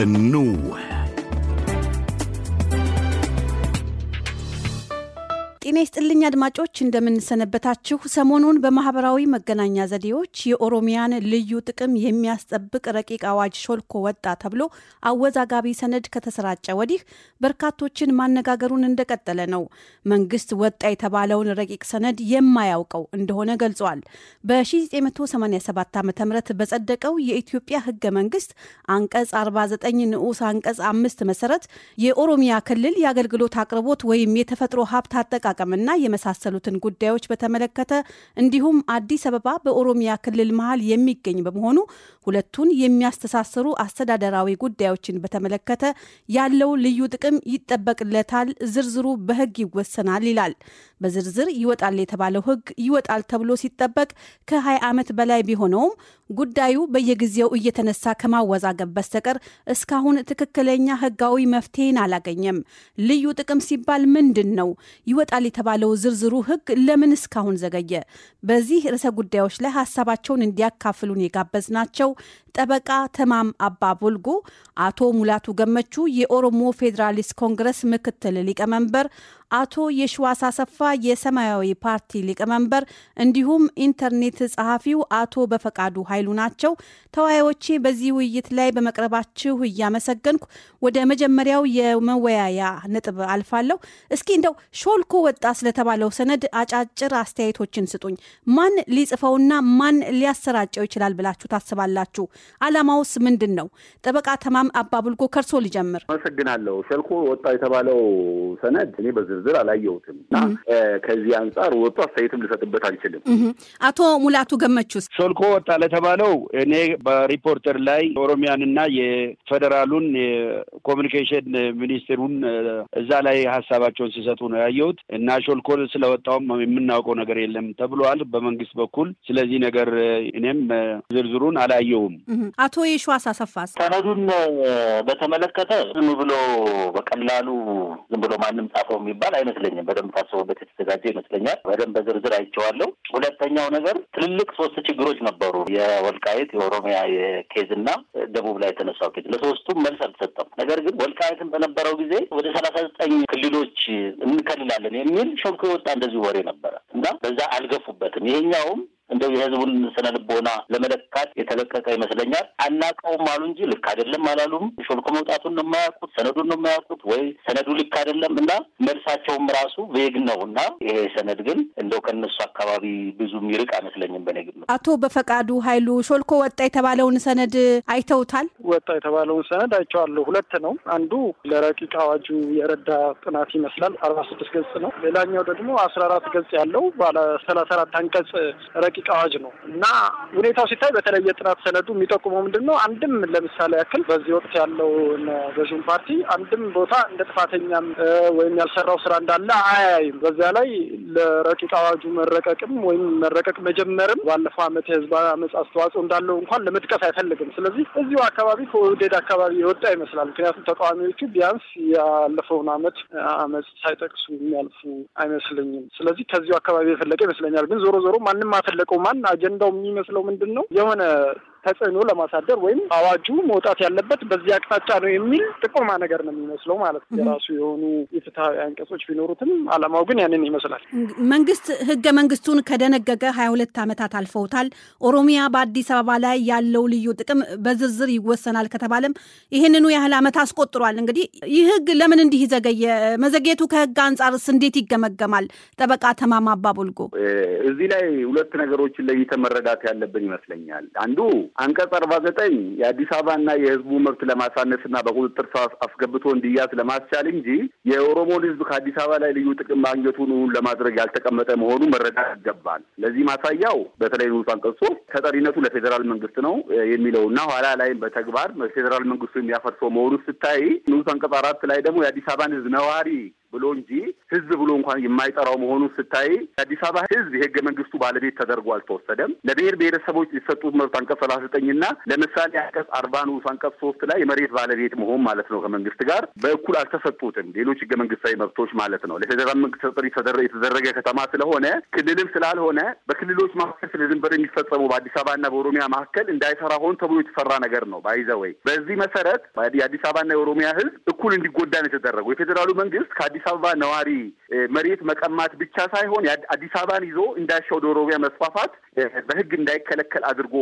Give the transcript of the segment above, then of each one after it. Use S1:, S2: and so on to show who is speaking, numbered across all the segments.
S1: A anew.
S2: ጤና ይስጥልኝ አድማጮች፣ እንደምንሰነበታችሁ። ሰሞኑን በማህበራዊ መገናኛ ዘዴዎች የኦሮሚያን ልዩ ጥቅም የሚያስጠብቅ ረቂቅ አዋጅ ሾልኮ ወጣ ተብሎ አወዛጋቢ ሰነድ ከተሰራጨ ወዲህ በርካቶችን ማነጋገሩን እንደቀጠለ ነው። መንግስት ወጣ የተባለውን ረቂቅ ሰነድ የማያውቀው እንደሆነ ገልጿል። በ1987 ዓ ም በጸደቀው የኢትዮጵያ ህገ መንግስት አንቀጽ 49 ንዑስ አንቀጽ አምስት መሰረት የኦሮሚያ ክልል የአገልግሎት አቅርቦት ወይም የተፈጥሮ ሀብት አጠቃቀ አጠቃቀምና የመሳሰሉትን ጉዳዮች በተመለከተ እንዲሁም አዲስ አበባ በኦሮሚያ ክልል መሀል የሚገኝ በመሆኑ ሁለቱን የሚያስተሳስሩ አስተዳደራዊ ጉዳዮችን በተመለከተ ያለው ልዩ ጥቅም ይጠበቅለታል፣ ዝርዝሩ በህግ ይወሰናል ይላል። በዝርዝር ይወጣል የተባለው ህግ ይወጣል ተብሎ ሲጠበቅ ከ20 ዓመት በላይ ቢሆነውም ጉዳዩ በየጊዜው እየተነሳ ከማወዛገብ በስተቀር እስካሁን ትክክለኛ ህጋዊ መፍትሄን አላገኘም። ልዩ ጥቅም ሲባል ምንድን ነው? ይወጣል የተባለው ዝርዝሩ ህግ ለምን እስካሁን ዘገየ? በዚህ ርዕሰ ጉዳዮች ላይ ሀሳባቸውን እንዲያካፍሉን የጋበዝናቸው ጠበቃ ተማም አባ ቦልጎ፣ አቶ ሙላቱ ገመቹ የኦሮሞ ፌዴራሊስት ኮንግረስ ምክትል ሊቀመንበር አቶ የሽዋስ አሰፋ የሰማያዊ ፓርቲ ሊቀመንበር እንዲሁም ኢንተርኔት ጸሐፊው አቶ በፈቃዱ ኃይሉ ናቸው። ተወያዮቼ በዚህ ውይይት ላይ በመቅረባችሁ እያመሰገንኩ ወደ መጀመሪያው የመወያያ ነጥብ አልፋለሁ። እስኪ እንደው ሾልኮ ወጣ ስለተባለው ሰነድ አጫጭር አስተያየቶችን ስጡኝ። ማን ሊጽፈውና ማን ሊያሰራጨው ይችላል ብላችሁ ታስባላችሁ? አላማውስ ምንድን ነው? ጠበቃ ተማም አባብልጎ ከርሶ ልጀምር።
S1: አመሰግናለሁ። ሾልኮ ወጣ የተባለው ሰነድ እኔ ዝርዝር አላየሁትም እና ከዚህ አንጻር ወጡ አስተያየትም ልሰጥበት አልችልም።
S2: አቶ ሙላቱ ገመቹስ ሾልኮ ወጣ ለተባለው
S3: እኔ በሪፖርተር ላይ ኦሮሚያንና የፌዴራሉን የኮሚኒኬሽን ሚኒስትሩን እዛ ላይ ሀሳባቸውን ሲሰጡ ነው ያየሁት እና ሾልኮ ስለወጣውም የምናውቀው ነገር የለም ተብሏል በመንግስት በኩል። ስለዚህ ነገር እኔም
S4: ዝርዝሩን አላየውም።
S2: አቶ የሸዋስ አሰፋስ ሰነዱን
S4: በተመለከተ ዝም ብሎ በቀላሉ ዝም ብሎ ማንም ጻፈው የሚባል የሚባል አይመስለኝም። በደንብ ታስቦበት የተዘጋጀ ይመስለኛል። በደንብ በዝርዝር አይቼዋለሁ። ሁለተኛው ነገር ትልልቅ ሶስት ችግሮች ነበሩ። የወልቃየት፣ የኦሮሚያ ኬዝ እና ደቡብ ላይ የተነሳው ኬዝ ለሶስቱም መልስ አልተሰጠም። ነገር ግን ወልቃየትን በነበረው ጊዜ ወደ ሰላሳ ዘጠኝ ክልሎች እንከልላለን የሚል ሾልኮ የወጣ እንደዚሁ ወሬ ነበረ እና በዛ አልገፉበትም። ይሄኛውም እንደው የህዝቡን ልቦና ለመለካት የተለቀቀ ይመስለኛል። አናቀውም አሉ እንጂ ልክ አይደለም አላሉም። ሾልኮ መውጣቱን ነው የማያውቁት፣ ሰነዱን ነው የማያውቁት ወይ ሰነዱ ልክ አይደለም እና መልሳቸውም ራሱ ቬግ ነው እና ይሄ ሰነድ ግን እንደው ከነሱ አካባቢ ብዙ የሚርቅ አይመስለኝም በኔ
S2: አቶ በፈቃዱ ኃይሉ ሾልኮ ወጣ የተባለውን ሰነድ አይተውታል?
S5: ወጣ የተባለውን ሰነድ አይቼዋለሁ። ሁለት ነው። አንዱ ለረቂቅ አዋጁ የረዳ ጥናት ይመስላል አርባ ስድስት ገጽ ነው። ሌላኛው ደግሞ አስራ አራት ገጽ ያለው ባለ ሰላሳ አራት አንቀጽ ረቂቅ አዋጅ ነው እና ሁኔታው ሲታይ በተለይ የጥናት ሰነዱ የሚጠቁመው ምንድን ነው? አንድም ለምሳሌ ያክል በዚህ ወቅት ያለው ገዥውን ፓርቲ አንድም ቦታ እንደ ጥፋተኛም ወይም ያልሰራው ስራ እንዳለ አያይም። በዚያ ላይ ለረቂቅ አዋጁ መረቀቅም ወይም መረቀቅ መጀመርም ባለፈው ዓመት የህዝብ አመፅ አስተዋጽኦ እንዳለው እንኳን ለመጥቀስ አይፈልግም። ስለዚህ እዚሁ አካባቢ አካባቢ ከወደድ አካባቢ የወጣ ይመስላል። ምክንያቱም ተቃዋሚዎቹ ቢያንስ ያለፈውን አመት አመፅ ሳይጠቅሱ የሚያልፉ አይመስለኝም። ስለዚህ ከዚሁ አካባቢ የፈለቀ ይመስለኛል። ግን ዞሮ ዞሮ ማንም አፈለቀው ማን አጀንዳው የሚመስለው ምንድን ነው የሆነ ተጽዕኖ ለማሳደር ወይም አዋጁ መውጣት ያለበት በዚህ አቅጣጫ ነው የሚል ጥቆማ ነገር ነው የሚመስለው ማለት ነው። የራሱ የሆኑ የፍትሐዊ አንቀጾች ቢኖሩትም አላማው ግን ያንን ይመስላል።
S2: መንግስት ህገ መንግስቱን ከደነገገ ሀያ ሁለት ዓመታት አልፈውታል። ኦሮሚያ በአዲስ አበባ ላይ ያለው ልዩ ጥቅም በዝርዝር ይወሰናል ከተባለም ይህንኑ ያህል ዓመት አስቆጥሯል። እንግዲህ ይህ ህግ ለምን እንዲህ ይዘገየ? መዘግየቱ ከህግ አንጻርስ እንዴት ይገመገማል? ጠበቃ ተማማ አባቦልጎ፣
S1: እዚህ ላይ ሁለት ነገሮችን ለይተን መረዳት ያለብን ይመስለኛል። አንዱ አንቀጽ አርባ ዘጠኝ የአዲስ አበባና የህዝቡ መብት ለማሳነስና በቁጥጥር ሰው አስገብቶ እንዲያዝ ለማስቻል እንጂ የኦሮሞን ህዝብ ከአዲስ አበባ ላይ ልዩ ጥቅም ማግኘቱን ለማድረግ ያልተቀመጠ መሆኑ መረዳት ይገባል። ለዚህ ማሳያው በተለይ ንዑስ አንቀጽ ሶስት ተጠሪነቱ ለፌዴራል መንግስት ነው የሚለውና ኋላ ላይም በተግባር ፌዴራል መንግስቱ የሚያፈርሰው መሆኑ ስታይ ንዑስ አንቀጽ አራት ላይ ደግሞ የአዲስ አበባን ህዝብ ነዋሪ ብሎ እንጂ ህዝብ ብሎ እንኳን የማይጠራው መሆኑን ስታይ የአዲስ አበባ ህዝብ የህገ መንግስቱ ባለቤት ተደርጎ አልተወሰደም። ለብሔር ብሔረሰቦች የተሰጡት መብት አንቀጽ ሰላሳ ዘጠኝና ለምሳሌ አንቀጽ አርባ ንዑስ አንቀጽ ሶስት ላይ የመሬት ባለቤት መሆን ማለት ነው ከመንግስት ጋር በእኩል አልተሰጡትም። ሌሎች ህገ መንግስታዊ መብቶች ማለት ነው። ለፌደራል መንግስት የተደረገ ከተማ ስለሆነ ክልልም ስላልሆነ በክልሎች መካከል ስለ ድንበር የሚፈጸሙ በአዲስ አበባና በኦሮሚያ መካከል እንዳይሰራ ሆን ተብሎ የተሰራ ነገር ነው። ባይዘወይ በዚህ መሰረት የአዲስ አበባና የኦሮሚያ ህዝብ እኩል እንዲጎዳ ነው የተደረገው። የፌዴራሉ መንግስት ከአዲስ የአዲስ አበባ ነዋሪ መሬት መቀማት ብቻ ሳይሆን አዲስ አበባን ይዞ እንዳሻው ዶሮቢያ መስፋፋት በህግ እንዳይከለከል አድርጎ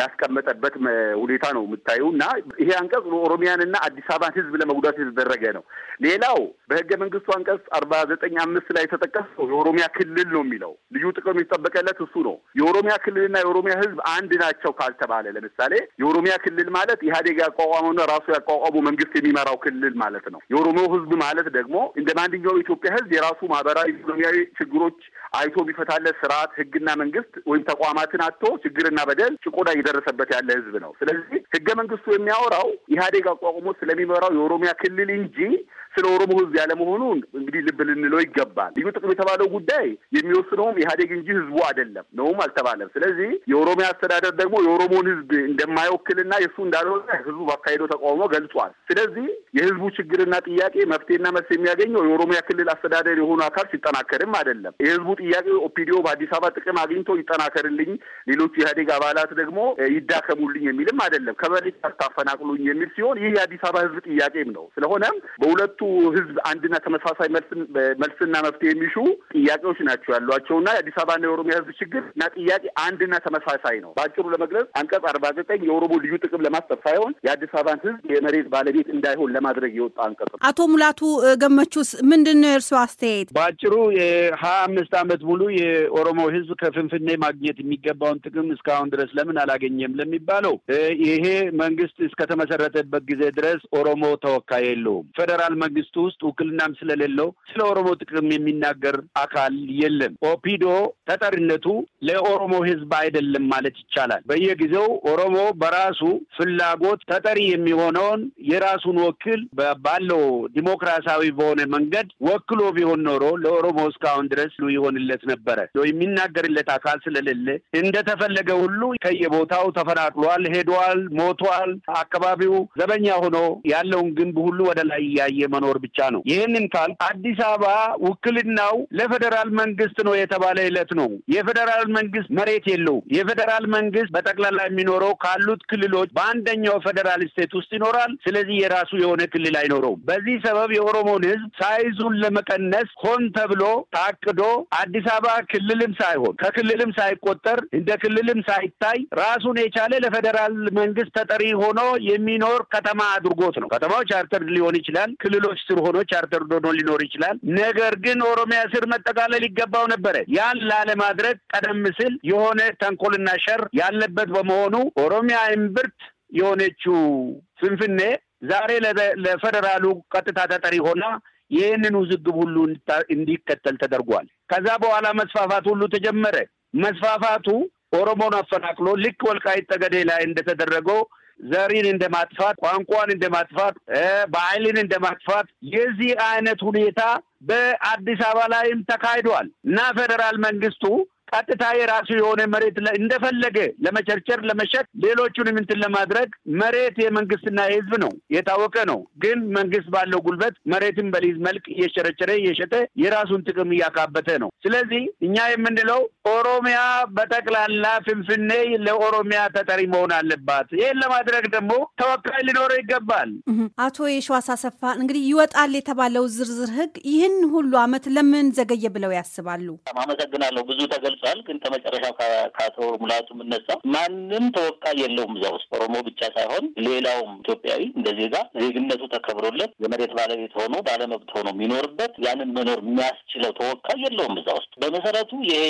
S1: ያስቀመጠበት ሁኔታ ነው የምታየው እና ይሄ አንቀጽ ኦሮሚያንና አዲስ አበባን ህዝብ ለመጉዳት የተደረገ ነው። ሌላው በህገ መንግስቱ አንቀጽ አርባ ዘጠኝ አምስት ላይ የተጠቀሰው የኦሮሚያ ክልል ነው የሚለው ልዩ ጥቅም የሚጠበቀለት እሱ ነው። የኦሮሚያ ክልልና የኦሮሚያ ህዝብ አንድ ናቸው ካልተባለ ለምሳሌ የኦሮሚያ ክልል ማለት ኢህአዴግ ያቋቋመውና ራሱ ያቋቋሙ መንግስት የሚመራው ክልል ማለት ነው። የኦሮሞ ህዝብ ማለት ደግሞ እንደ ማንኛውም የኢትዮጵያ ህዝብ የራሱ ማህበራዊ፣ ኢኮኖሚያዊ ችግሮች አይቶ የሚፈታለት ስርዓት፣ ህግና መንግስት ወይም ተቋማትን አቶ ችግርና በደል ጭቆዳ እየደረሰበት ያለ ህዝብ ነው። ስለዚህ ህገ መንግስቱ የሚያወራው ኢህአዴግ አቋቁሞ ስለሚመራው የኦሮሚያ ክልል እንጂ ስለ ኦሮሞ ህዝብ ያለመሆኑን እንግዲህ ልብ ልንለው ይገባል። ልዩ ጥቅም የተባለው ጉዳይ የሚወስነውም ኢህአዴግ እንጂ ህዝቡ አይደለም ነውም አልተባለም። ስለዚህ የኦሮሚያ አስተዳደር ደግሞ የኦሮሞን ህዝብ እንደማይወክልና የእሱ እንዳልሆነ ህዝቡ ባካሄደው ተቃውሞ ገልጿል። ስለዚህ የህዝቡ ችግርና ጥያቄ መፍትሄና መስ የሚያገኘው የኦሮሚያ ክልል አስተዳደር የሆኑ አካል ሲጠናከርም አይደለም። የህዝቡ ጥያቄ ኦፒዲዮ በአዲስ አበባ ጥቅም አግኝቶ ይጠናከርልኝ፣ ሌሎች የኢህአዴግ አባላት ደግሞ ይዳከሙልኝ የሚልም አይደለም። ከመሬት አታፈናቅሉኝ የሚል ሲሆን ይህ የአዲስ አበባ ህዝብ ጥያቄም ነው። ስለሆነም በሁለቱ ህዝብ አንድና ተመሳሳይ መልስና መፍትሄ የሚሹ ጥያቄዎች ናቸው ያሏቸውና የአዲስ አበባና የኦሮሚያ ህዝብ ችግር እና ጥያቄ አንድና ተመሳሳይ ነው። በአጭሩ ለመግለጽ አንቀጽ አርባ ዘጠኝ የኦሮሞ ልዩ ጥቅም ለማስጠብ ሳይሆን የአዲስ አበባን ህዝብ የመሬት ባለቤት እንዳይሆን ለማድረግ የወጣ አንቀጽ ነው።
S2: አቶ ሙላቱ ገመቹስ ምንድን ነው የእርስዎ አስተያየት?
S3: በአጭሩ የሀያ አምስት ዓመት ሙሉ የኦሮሞ ህዝብ ከፍንፍኔ ማግኘት የሚገባውን ጥቅም እስካሁን ድረስ ለምን አላገኘም ለሚባለው ይሄ መንግስት እስከተመሰረተበት ጊዜ ድረስ ኦሮሞ ተወካይ የለውም። ፌዴራል መንግስቱ ውስጥ ውክልናም ስለሌለው ስለ ኦሮሞ ጥቅም የሚናገር አካል የለም። ኦፒዶ ተጠሪነቱ ለኦሮሞ ህዝብ አይደለም ማለት ይቻላል። በየጊዜው ኦሮሞ በራሱ ፍላጎት ተጠሪ የሚሆነውን የራሱን ወክል ባለው ዲሞክራሲያዊ በሆነ መንገድ ወክሎ ቢሆን ኖሮ ለኦሮሞ እስካሁን ድረስ ይሆንለት ነበረ። የሚናገርለት አካል ስለሌለ እንደተፈለገ ሁሉ ከየቦታው ተፈናቅሏል፣ ሄዷል፣ ሞቷል። አካባቢው ዘበኛ ሆኖ ያለውን ግንብ ሁሉ ወደ ላይ እያየ መኖር ብቻ ነው። ይህንን ካል አዲስ አበባ ውክልናው ለፌዴራል መንግስት ነው የተባለ ዕለት ነው። የፌዴራል መንግስት መሬት የለው። የፌዴራል መንግስት በጠቅላላ የሚኖረው ካሉት ክልሎች በአንደኛው ፌዴራል ስቴት ውስጥ ይኖራል። ስለዚህ የራሱ የሆነ ክልል አይኖረውም። በዚህ ሰበብ የኦሮሞን ህዝብ ሳይዙን ለመቀነስ ሆን ተብሎ ታቅዶ አዲስ አበባ ክልልም ሳይሆን ከክልልም ሳይቆጠር እንደ ክልልም ሳይታይ ራሱን የቻለ ለፌዴራል መንግስት ተጠሪ ሆኖ የሚኖር ከተማ አድርጎት ነው። ከተማው ቻርተር ሊሆን ይችላል። ክልሎ ሌሎች ስር ሆኖች ዶኖ ሊኖር ይችላል። ነገር ግን ኦሮሚያ ስር መጠቃለል ይገባው ነበረ። ያን ላለማድረግ ቀደም ሲል የሆነ ተንኮልና ሸር ያለበት በመሆኑ ኦሮሚያ እምብርት የሆነችው ፍንፍኔ ዛሬ ለፌዴራሉ ቀጥታ ተጠሪ ሆና ይህንን ውዝግብ ሁሉ እንዲከተል ተደርጓል። ከዛ በኋላ መስፋፋት ሁሉ ተጀመረ። መስፋፋቱ ኦሮሞን አፈናቅሎ ልክ ወልቃይት ጠገዴ ላይ እንደተደረገው ዘሪን እንደ ማጥፋት፣ ቋንቋን እንደ ማጥፋት፣ ባህልን እንደ ማጥፋት የዚህ አይነት ሁኔታ በአዲስ አበባ ላይም ተካሂዷል እና ፌዴራል መንግስቱ ቀጥታ የራሱ የሆነ መሬት እንደፈለገ ለመቸርቸር ለመሸጥ ሌሎቹንም እንትን ለማድረግ መሬት የመንግስትና የህዝብ ነው፣ የታወቀ ነው። ግን መንግስት ባለው ጉልበት መሬትን በሊዝ መልክ እየሸረቸረ እየሸጠ የራሱን ጥቅም እያካበተ ነው። ስለዚህ እኛ የምንለው ኦሮሚያ በጠቅላላ ፍንፍኔ ለኦሮሚያ ተጠሪ መሆን አለባት። ይህን ለማድረግ ደግሞ ተወካይ ሊኖረው ይገባል።
S2: አቶ የሸዋስ አሰፋ እንግዲህ ይወጣል የተባለው ዝርዝር ህግ ይህን ሁሉ አመት ለምን ዘገየ ብለው ያስባሉ?
S4: አመሰግናለሁ። ብዙ ተገልጿል። ግን ከመጨረሻው ከአቶ ሙላቱ የምነሳ ማንም ተወካይ የለውም እዛ ውስጥ ኦሮሞ ብቻ ሳይሆን ሌላውም ኢትዮጵያዊ እንደ ዜጋ ዜግነቱ ተከብሮለት የመሬት ባለቤት ሆኖ ባለመብት ሆኖ የሚኖርበት ያንን መኖር የሚያስችለው ተወካይ የለውም እዛ ውስጥ በመሰረቱ ይሄ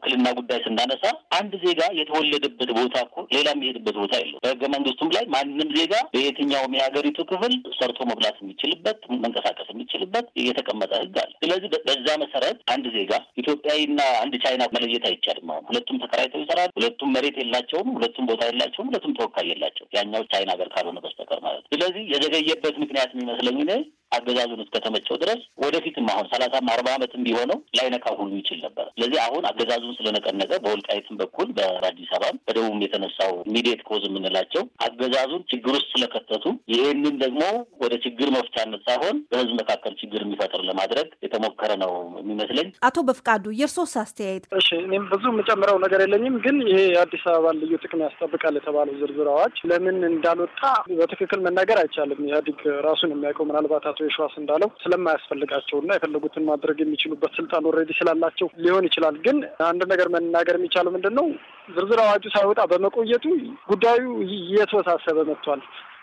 S4: ውክልና ጉዳይ ስናነሳ አንድ ዜጋ የተወለደበት ቦታ እኮ ሌላ የሚሄድበት ቦታ የለው። በህገ መንግስቱም ላይ ማንም ዜጋ በየትኛውም የሀገሪቱ ክፍል ሰርቶ መብላት የሚችልበት መንቀሳቀስ የሚችልበት የተቀመጠ ህግ አለ። ስለዚህ በዛ መሰረት አንድ ዜጋ ኢትዮጵያዊና አንድ ቻይና መለየት አይቻልም። አሁን ሁለቱም ተከራይተው ይሰራል። ሁለቱም መሬት የላቸውም። ሁለቱም ቦታ የላቸውም። ሁለቱም ተወካይ የላቸው ያኛው ቻይና ሀገር ካልሆነ በስተቀር ማለት ነው። ስለዚህ የዘገየበት ምክንያት የሚመስለኝ እኔ አገዛዙን እስከተመቸው ድረስ ወደፊትም አሁን ሰላሳም አርባ ዓመትም ቢሆነው ላይነካ ሁሉ ይችል ነበር። ስለዚህ አሁን አገዛዙ ህዝብ ስለነቀነቀ በወልቃይትም በኩል በአዲስ አበባም በደቡብም የተነሳው ኢሚዲየት ኮዝ የምንላቸው አገዛዙን ችግር ውስጥ ስለከተቱ ይህንን ደግሞ ወደ ችግር መፍቻነት
S5: ሳይሆን በህዝብ መካከል ችግር የሚፈጥር ለማድረግ የተሞከረ ነው የሚመስለኝ። አቶ በፍቃዱ የእርሶስ አስተያየት? እሺ እኔም ብዙ የምጨምረው ነገር የለኝም። ግን ይሄ የአዲስ አበባ ልዩ ጥቅም ያስጠብቃል የተባለው ዝርዝር አዋጅ ለምን እንዳልወጣ በትክክል መናገር አይቻልም። ኢህአዲግ ራሱን የሚያውቀው ምናልባት አቶ የሸዋስ እንዳለው ስለማያስፈልጋቸው እና የፈለጉትን ማድረግ የሚችሉበት ስልጣን ኦልሬዲ ስላላቸው ሊሆን ይችላል። ግን አንድ ነገር መናገር የሚቻለው ምንድን ነው ዝርዝር አዋጁ ሳይወጣ በመቆየቱ ጉዳዩ እየተወሳሰበ መጥቷል።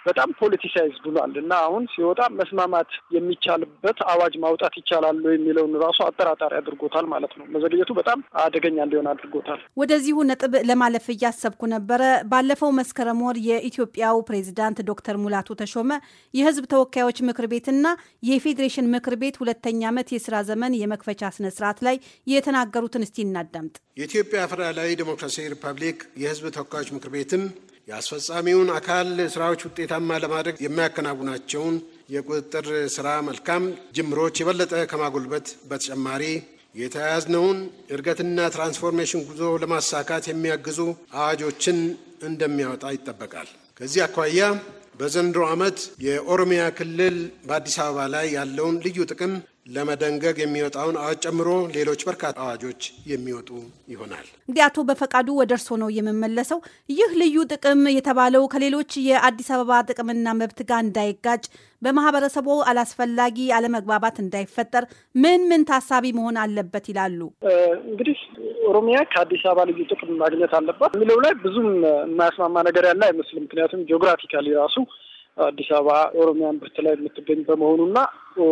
S5: በጣም ፖለቲሳይዝ ብሏል እና አሁን ሲወጣ መስማማት የሚቻልበት አዋጅ ማውጣት ይቻላሉ የሚለውን ራሱ አጠራጣሪ አድርጎታል ማለት ነው። መዘግየቱ በጣም አደገኛ እንዲሆን አድርጎታል።
S2: ወደዚሁ ነጥብ ለማለፍ እያሰብኩ ነበረ። ባለፈው መስከረም ወር የኢትዮጵያው ፕሬዚዳንት ዶክተር ሙላቱ ተሾመ የህዝብ ተወካዮች ምክር ቤትና የፌዴሬሽን ምክር ቤት ሁለተኛ ዓመት የስራ ዘመን የመክፈቻ ስነስርዓት ላይ የተናገሩትን እስቲ እናዳምጥ።
S5: የኢትዮጵያ ፌዴራላዊ ዴሞክራሲያዊ ሪፐብሊክ የህዝብ ተወካዮች ምክር ቤትም የአስፈጻሚውን አካል ስራዎች ውጤታማ ለማድረግ የሚያከናውናቸውን የቁጥጥር ስራ መልካም ጅምሮች የበለጠ ከማጎልበት በተጨማሪ የተያያዝነውን እድገትና ትራንስፎርሜሽን ጉዞ ለማሳካት የሚያግዙ አዋጆችን እንደሚያወጣ ይጠበቃል። ከዚህ አኳያ በዘንድሮ ዓመት የኦሮሚያ ክልል በአዲስ አበባ ላይ ያለውን ልዩ ጥቅም ለመደንገግ የሚወጣውን አዋጅ ጨምሮ ሌሎች በርካታ አዋጆች የሚወጡ ይሆናል።
S2: እንግዲህ አቶ በፈቃዱ ወደ እርስዎ ነው የምመለሰው። ይህ ልዩ ጥቅም የተባለው ከሌሎች የአዲስ አበባ ጥቅምና መብት ጋር እንዳይጋጭ በማህበረሰቡ አላስፈላጊ አለመግባባት እንዳይፈጠር ምን ምን ታሳቢ መሆን አለበት ይላሉ?
S5: እንግዲህ ኦሮሚያ ከአዲስ አበባ ልዩ ጥቅም ማግኘት አለባት የሚለው ላይ ብዙም የማያስማማ ነገር ያለ አይመስልም። ምክንያቱም ጂኦግራፊካሊ ራሱ አዲስ አበባ ኦሮሚያን ብርት ላይ የምትገኝ በመሆኑና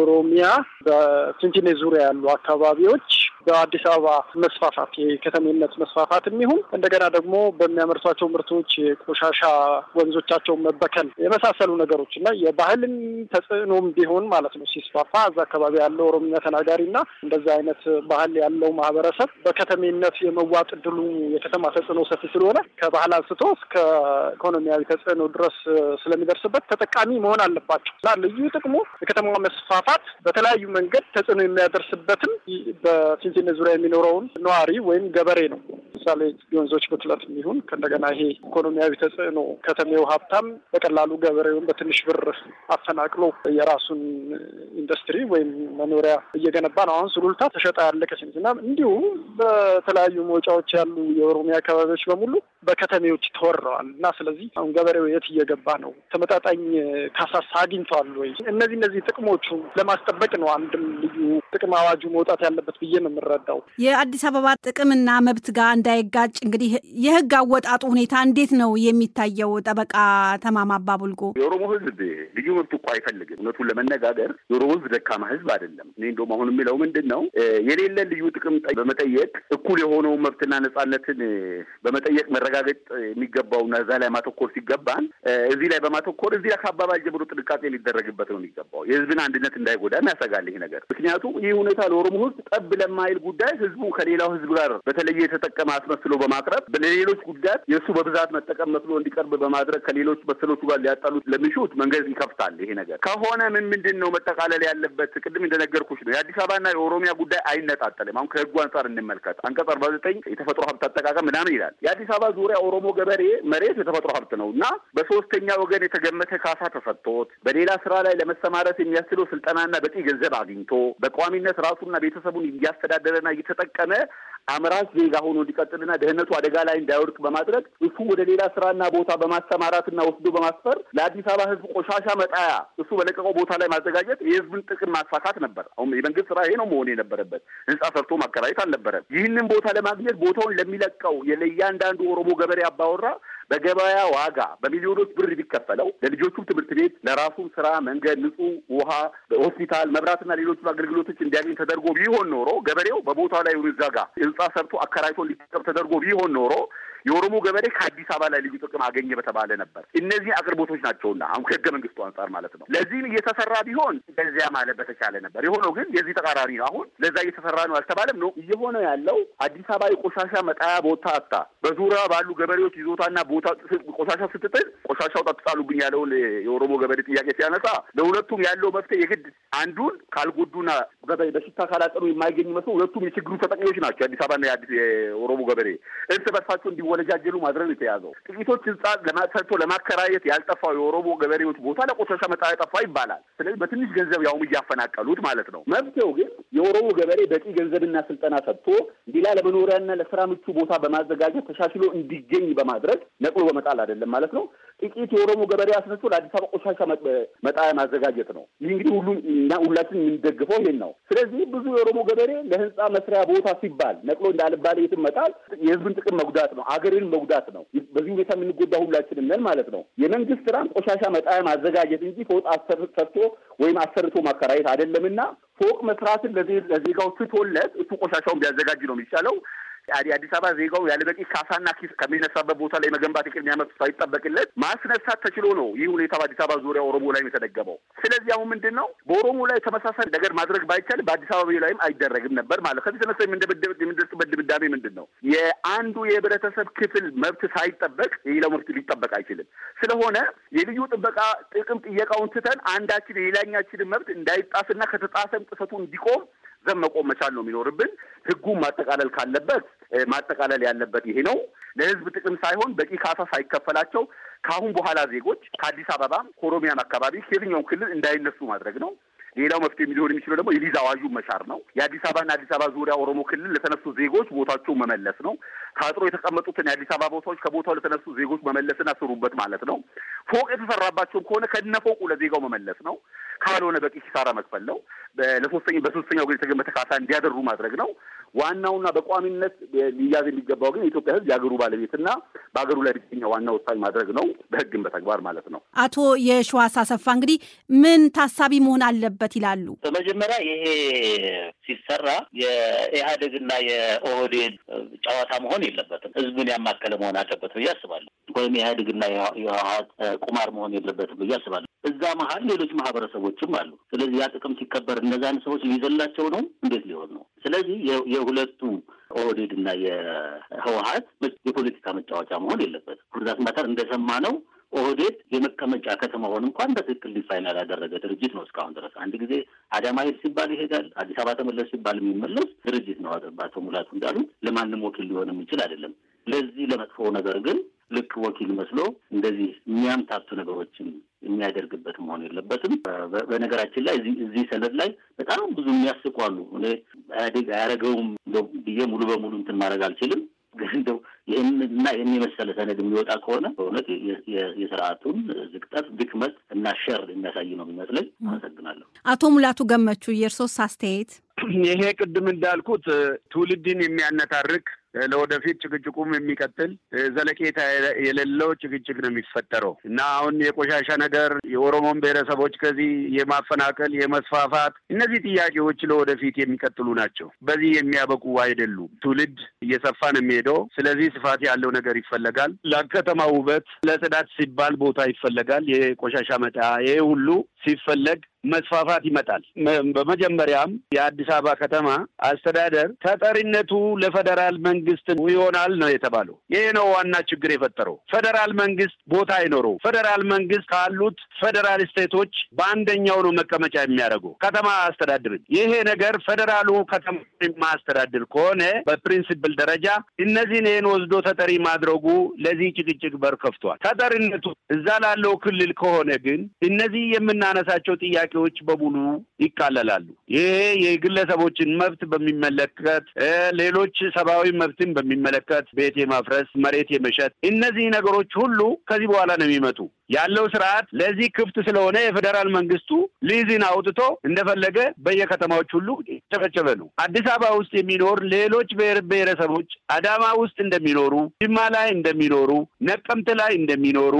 S5: ኦሮሚያ፣ በፊንፊኔ ዙሪያ ያሉ አካባቢዎች በአዲስ አበባ መስፋፋት የከተሜነት መስፋፋት የሚሆን እንደገና ደግሞ በሚያመርቷቸው ምርቶች የቆሻሻ ወንዞቻቸውን መበከል የመሳሰሉ ነገሮች እና የባህልን ተጽዕኖም ቢሆን ማለት ነው ሲስፋፋ እዛ አካባቢ ያለው ኦሮምኛ ተናጋሪ እና እንደዚ አይነት ባህል ያለው ማህበረሰብ በከተሜነት የመዋጥ ድሉ የከተማ ተጽዕኖ ሰፊ ስለሆነ ከባህል አንስቶ እስከ ኢኮኖሚያዊ ተጽዕኖ ድረስ ስለሚደርስበት ተጠቃሚ መሆን አለባቸው ልዩ ጥቅሙ የከተማ መስፋ መስፋፋት በተለያዩ መንገድ ተጽዕኖ የሚያደርስበትም በፊንፊኔ ዙሪያ የሚኖረውን ነዋሪ ወይም ገበሬ ነው። ምሳሌ የወንዞች ብክለት የሚሆን ከእንደገና ይሄ ኢኮኖሚያዊ ተጽዕኖ ከተሜው ሀብታም በቀላሉ ገበሬውን በትንሽ ብር አፈናቅሎ የራሱን ኢንዱስትሪ ወይም መኖሪያ እየገነባ ነው። አሁን ሱሉልታ ተሸጣ ያለቀ እና እንዲሁም በተለያዩ መውጫዎች ያሉ የኦሮሚያ አካባቢዎች በሙሉ በከተሜዎች ተወረዋል እና ስለዚህ አሁን ገበሬው የት እየገባ ነው? ተመጣጣኝ ካሳሳ አግኝተዋል ወይ? እነዚህ እነዚህ ጥቅሞቹ ለማስጠበቅ ነው። አንድም ልዩ ጥቅም አዋጁ መውጣት ያለበት ብዬ ነው የምረዳው።
S2: የአዲስ አበባ ጥቅምና መብት ጋር እንዳይጋጭ እንግዲህ የህግ አወጣጡ ሁኔታ እንዴት ነው የሚታየው? ጠበቃ ተማማ አባቡልጎ፣ ቡልጎ፣
S1: የኦሮሞ ህዝብ ልዩ መብት እኮ አይፈልግም። እውነቱን ለመነጋገር የኦሮሞ ህዝብ ደካማ ህዝብ አይደለም። እኔ እንደውም አሁን የሚለው ምንድን ነው የሌለ ልዩ ጥቅም በመጠየቅ እኩል የሆነውን መብትና ነጻነትን በመጠየቅ መረጋገጥ የሚገባው እዛ ላይ ማተኮር ሲገባን እዚህ ላይ በማተኮር እዚህ ላይ ከአባባል ጀምሮ ጥንቃቄ ሊደረግበት ነው የሚገባው የህዝብን አንድነት እምነት እንዳይጎዳን ያሰጋል ይህ ነገር። ምክንያቱም ይህ ሁኔታ ለኦሮሞ ህዝብ ጠብ ለማይል ጉዳይ ህዝቡ ከሌላው ህዝብ ጋር በተለየ የተጠቀመ አስመስሎ በማቅረብ ለሌሎች ጉዳት የእሱ በብዛት መጠቀም መስሎ እንዲቀርብ በማድረግ ከሌሎች መሰሎቹ ጋር ሊያጣሉት ለሚሹት መንገድ ይከፍታል። ይሄ ነገር ከሆነ ምን ምንድን ነው መጠቃለል ያለበት? ቅድም እንደነገርኩሽ ነው የአዲስ አበባና የኦሮሚያ ጉዳይ አይነጣጠልም። አሁን ከህጉ አንጻር እንመልከት። አንቀጽ አርባ ዘጠኝ የተፈጥሮ ሀብት አጠቃቀም ምናምን ይላል። የአዲስ አበባ ዙሪያ ኦሮሞ ገበሬ መሬት የተፈጥሮ ሀብት ነው እና በሶስተኛ ወገን የተገመተ ካሳ ተሰጥቶት በሌላ ስራ ላይ ለመሰማረት የሚያስችለው ስልጠናና በቂ ገንዘብ አግኝቶ በቋሚነት ራሱና ቤተሰቡን እያስተዳደረና እየተጠቀመ አምራች ዜጋ ሆኖ እንዲቀጥልና ደህንነቱ አደጋ ላይ እንዳይወድቅ በማድረግ እሱ ወደ ሌላ ስራና ቦታ በማሰማራትና ወስዶ በማስፈር ለአዲስ አበባ ህዝብ ቆሻሻ መጣያ እሱ በለቀቀው ቦታ ላይ ማዘጋጀት የህዝብን ጥቅም ማሳካት ነበር። አሁን የመንግስት ስራ ይሄ ነው መሆን የነበረበት። ህንጻ ሰርቶ ማከራየት አልነበረም። ይህንን ቦታ ለማግኘት ቦታውን ለሚለቀው ለእያንዳንዱ ኦሮሞ ገበሬ አባወራ በገበያ ዋጋ በሚሊዮኖች ብር ቢከፈለው ለልጆቹም ትምህርት ቤት፣ ለራሱም ስራ፣ መንገድ፣ ንጹህ ውሃ፣ ሆስፒታል፣ መብራትና ሌሎቹ አገልግሎቶች እንዲያገኝ ተደርጎ ቢሆን ኖሮ ገበሬው በቦታው ላይ ዛጋ ህንፃ ሰርቶ አከራይቶ እንዲጠቀም ተደርጎ ቢሆን ኖሮ የኦሮሞ ገበሬ ከአዲስ አበባ ላይ ልዩ ጥቅም አገኘ በተባለ ነበር። እነዚህ አቅርቦቶች ናቸውና አሁን ከህገ መንግስቱ አንጻር ማለት ነው። ለዚህም እየተሰራ ቢሆን በዚያ ማለት በተቻለ ነበር። የሆነው ግን የዚህ ተቃራኒ ነው። አሁን ለዛ እየተሰራ ነው አልተባለም ነው እየሆነ ያለው። አዲስ አበባ የቆሻሻ መጣያ ቦታ አታ በዙሪያ ባሉ ገበሬዎች ይዞታና ቦታ ቆሻሻ ስትጥል ቆሻሻው ጠጥጣሉብኝ ያለውን የኦሮሞ ገበሬ ጥያቄ ሲያነሳ ለሁለቱም ያለው መፍትሄ የግድ አንዱን ካልጎዱና ገበሬ በሽታ ካላጠኑ የማይገኝ መስሎ ሁለቱም የችግሩ ተጠቂዎች ናቸው። አዲስ አበባና የኦሮሞ ገበሬ እርስ በርሳቸው እንዲወ እያወነጃጀሉ ማድረግ የተያዘው ጥቂቶች ህንጻ ለማሰርቶ ለማከራየት ያልጠፋው የኦሮሞ ገበሬዎች ቦታ ለቆሻሻ መጣ ጠፋ ይባላል። ስለዚህ በትንሽ ገንዘብ ያውም እያፈናቀሉት ማለት ነው። መፍትሄው ግን የኦሮሞ ገበሬ በቂ ገንዘብና ስልጠና ሰጥቶ ሌላ ለመኖሪያና ለስራ ምቹ ቦታ በማዘጋጀት ተሻሽሎ እንዲገኝ በማድረግ ነቅሎ በመጣል አይደለም ማለት ነው። ጥቂት የኦሮሞ ገበሬ አስነስቶ ለአዲስ አበባ ቆሻሻ መጣያ ማዘጋጀት ነው። ይህ እንግዲህ ሁሉ ሁላችን የምንደግፈው ይሄን ነው። ስለዚህ ብዙ የኦሮሞ ገበሬ ለህንፃ መስሪያ ቦታ ሲባል ነቅሎ እንዳልባለ የትም መጣል የህዝብን ጥቅም መጉዳት ነው፣ አገሬን መጉዳት ነው። በዚህ ሁኔታ የምንጎዳ ሁላችንም ነን ማለት ነው። የመንግስት ስራም ቆሻሻ መጣያ ማዘጋጀት እንጂ ፎቅ ሰርቶ ወይም አሰርቶ ማከራየት አይደለምና ፎቅ መስራትን ለዜጋው ትቶለት እሱ ቆሻሻውን ቢያዘጋጅ ነው የሚቻለው። አዲስ አበባ ዜጋው በቂ ካሳና ኪስ ከሚነሳበት ቦታ ላይ መገንባት የቅድሚያ መብት ሳይጠበቅለት ማስነሳት ተችሎ ነው ይህ ሁኔታ በአዲስ አበባ ዙሪያ ኦሮሞ ላይም የተደገመው። ስለዚህ አሁን ምንድን ነው በኦሮሞ ላይ ተመሳሳይ ነገር ማድረግ ባይቻልም በአዲስ አበባ ላይም አይደረግም ነበር ማለት። ከዚህ ተነሳ የምንደርስበት ድምዳሜ ምንድን ነው? የአንዱ የህብረተሰብ ክፍል መብት ሳይጠበቅ የሌላው መብት ሊጠበቅ አይችልም። ስለሆነ የልዩ ጥበቃ ጥቅም ጥየቃውን ትተን አንዳችን የሌላኛችንን መብት እንዳይጣስና ከተጣሰም ጥሰቱ እንዲቆም ዘብ መቆም መቻል ነው የሚኖርብን። ህጉን ማጠቃለል ካለበት ማጠቃለል ያለበት ይሄ ነው። ለህዝብ ጥቅም ሳይሆን በቂ ካሳ ሳይከፈላቸው ከአሁን በኋላ ዜጎች ከአዲስ አበባ ከኦሮሚያም አካባቢ ከየትኛውም ክልል እንዳይነሱ ማድረግ ነው። ሌላው መፍትሄ ሊሆን የሚችለው ደግሞ የቪዛ አዋጁ መሻር ነው። የአዲስ አበባና አዲስ አበባ ዙሪያ ኦሮሞ ክልል ለተነሱ ዜጎች ቦታቸው መመለስ ነው። ታጥሮ የተቀመጡትን የአዲስ አበባ ቦታዎች ከቦታው ለተነሱ ዜጎች መመለስና ስሩበት ማለት ነው። ፎቅ የተሰራባቸውም ከሆነ ከነፎቁ ለዜጋው መመለስ ነው። ካልሆነ በቂ ኪሳራ መክፈል ነው። ለሶስተኛ በሶስተኛው ግን የተገመተ ካሳ እንዲያደሩ ማድረግ ነው። ዋናውና በቋሚነት ሊያዝ የሚገባው ግን የኢትዮጵያ ሕዝብ የአገሩ ባለቤትና በአገሩ ላይ ብቸኛ ዋና ወሳኝ ማድረግ
S4: ነው፣ በሕግም በተግባር ማለት ነው።
S2: አቶ የሸዋስ አሰፋ እንግዲህ ምን ታሳቢ መሆን አለበት ይላሉ?
S4: በመጀመሪያ ይሄ ሲሰራ የኢህአዴግና የኦህዴድ ጨዋታ መሆን የለበትም። ህዝብን ያማከለ መሆን አለበት ብዬ አስባለሁ። ወይም ኢህአዴግና የህወሓት ቁማር መሆን የለበትም ብዬ አስባለሁ። እዛ መሀል ሌሎች ማህበረሰቦችም አሉ። ስለዚህ ያ ጥቅም ሲከበር እነዛን ሰዎች ሊዘላቸው ነው? እንዴት ሊሆን ነው? ስለዚህ የሁለቱ ኦህዴድ እና የህወሀት የፖለቲካ መጫወቻ መሆን የለበትም። ጉርዳት ማታር እንደሰማ ነው ኦህዴድ የመቀመጫ ከተማውን እንኳን በትክክል ዲፋይን ያላደረገ ድርጅት ነው። እስካሁን ድረስ አንድ ጊዜ አዳማ ሄድ ሲባል ይሄዳል፣ አዲስ አበባ ተመለስ ሲባል የሚመለስ ድርጅት ነው። አቶ ሙላቱ እንዳሉት ለማንም ወኪል ሊሆን የሚችል አይደለም። ለዚህ ለመጥፎው ነገር ግን ልክ ወኪል መስሎ እንደዚህ የሚያምታቱ ነገሮችን የሚያደርግበት መሆን የለበትም። በነገራችን ላይ እዚህ ሰነድ ላይ በጣም ብዙ የሚያስቁ አሉ። እኔ ኢህአዴግ አያደረገውም ብዬ ሙሉ በሙሉ እንትን ማድረግ አልችልም። ግን እንደው ይህንና ይህን የመሰለ ሰነድ የሚወጣ ከሆነ በእውነት የስርዓቱን ዝቅጠት፣ ድክመት እና ሸር የሚያሳይ ነው የሚመስለኝ። አመሰግናለሁ።
S2: አቶ ሙላቱ ገመቹ የእርሶስ አስተያየት?
S4: ይሄ ቅድም እንዳልኩት ትውልድን
S3: የሚያነታርክ ለወደፊት ጭቅጭቁም የሚቀጥል ዘለቄታ የሌለው ጭቅጭቅ ነው የሚፈጠረው እና አሁን የቆሻሻ ነገር የኦሮሞን ብሔረሰቦች ከዚህ የማፈናቀል የመስፋፋት እነዚህ ጥያቄዎች ለወደፊት የሚቀጥሉ ናቸው። በዚህ የሚያበቁ አይደሉም። ትውልድ እየሰፋ ነው የሚሄደው። ስለዚህ ስፋት ያለው ነገር ይፈለጋል። ለከተማ ውበት፣ ለጽዳት ሲባል ቦታ ይፈለጋል። የቆሻሻ መጣያ ይሄ ሁሉ ሲፈለግ መስፋፋት ይመጣል። በመጀመሪያም የአዲስ አበባ ከተማ አስተዳደር ተጠሪነቱ ለፌዴራል መንግስት ይሆናል ነው የተባለው። ይሄ ነው ዋና ችግር የፈጠረው። ፌዴራል መንግስት ቦታ አይኖረው። ፌዴራል መንግስት ካሉት ፌደራል ስቴቶች በአንደኛው ነው መቀመጫ የሚያደርገው ከተማ አስተዳድርን። ይሄ ነገር ፌዴራሉ ከተማ የማያስተዳድር ከሆነ በፕሪንሲፕል ደረጃ እነዚህን ይህን ወስዶ ተጠሪ ማድረጉ ለዚህ ጭቅጭቅ በር ከፍቷል። ተጠሪነቱ እዛ ላለው ክልል ከሆነ ግን እነዚህ የምናነሳቸው ጥያቄ ፓርቲዎች በሙሉ ይካለላሉ። ይሄ የግለሰቦችን መብት በሚመለከት፣ ሌሎች ሰብአዊ መብትን በሚመለከት ቤት የማፍረስ፣ መሬት የመሸጥ እነዚህ ነገሮች ሁሉ ከዚህ በኋላ ነው የሚመጡ። ያለው ስርዓት ለዚህ ክፍት ስለሆነ የፌዴራል መንግስቱ ሊዝን አውጥቶ እንደፈለገ በየከተማዎች ሁሉ ጨፈጨፈ ነው። አዲስ አበባ ውስጥ የሚኖር ሌሎች ብሔር ብሔረሰቦች አዳማ ውስጥ እንደሚኖሩ፣ ጅማ ላይ እንደሚኖሩ፣ ነቀምት ላይ እንደሚኖሩ